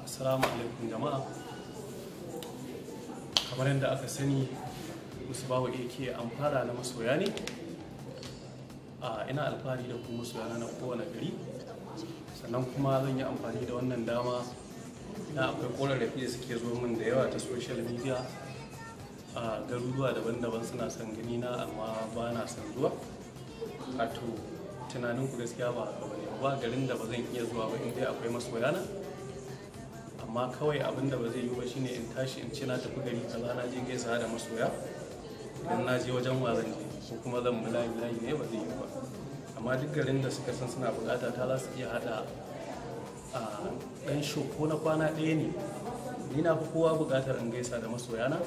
assalamu alaikum jama'a kamar yadda aka sani musu bawa ake amfara na masoya ne ina alfahari da kuma masoya na kowane gari sannan kuma zan yi amfani da wannan dama na akwai korarrafi da suke zo min da yawa ta social media a garuruwa daban-daban suna son gani na amma ba na son zuwa wato tunanin ku gaskiya ba ba garin da ba zan iya zuwa ba in dai akwai masoya amma kawai abin da ba zai yi ba shine in tashi in ce na tafi gari kaza na je gaisa da masoya idan na je wajen wazan ko kuma zan mu layi layi ne ba zai yi ba amma duk garin da suka san suna bukata ta za su iya hada a dan shoko ko na kwana ɗaya ne ni na fi kowa bukatar in gaisa da masoya na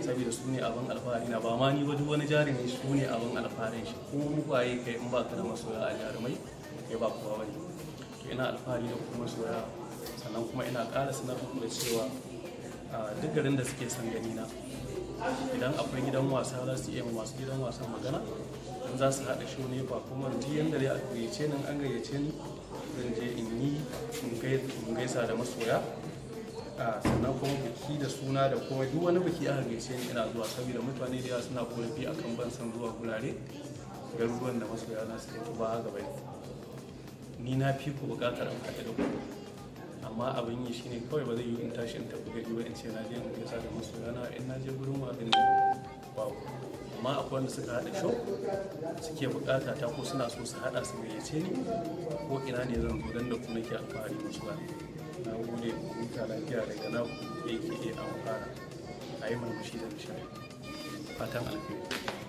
saboda su ne abin alfahari na ba ma ni ba duk wani jarumi su ne abin alfaharin shi ko kwaye kai in ba ka da masoya a jarumai kai ba kowa bane ina alfahari da kuma masoya sannan kuma ina ƙara sanar muku da cewa duk garin da suke son gani na idan akwai gidan wasa za su iya masu gidan wasan magana in za su haɗa shi ne ba kuma duk yadda dai a gayyace nan an gayyace ni zan je in yi in gaisa da masoya sannan kuma biki da suna da kuma duk wani biki aka gaishe ni ina zuwa saboda mutane da yawa suna korafi akan ban san zuwa gurare garuruwan da masoya na suke ba gaba ni na fi ku bukatar in haɗe da ku amma abin yi shine kawai ba zai yi in tashi in tafi gari ba in ce na je in gaisa da masu rana in na je gurin waƙin babu amma akwai wanda suka haɗa shau suke bukata ta ko suna so su haɗa su gayyace ni ko ina ne zan zo dan da kuma nake alfahari musu ba na gode ku huta lafiya daga na ku yake a amfana a yi murmushi da nishadi fatan alfahari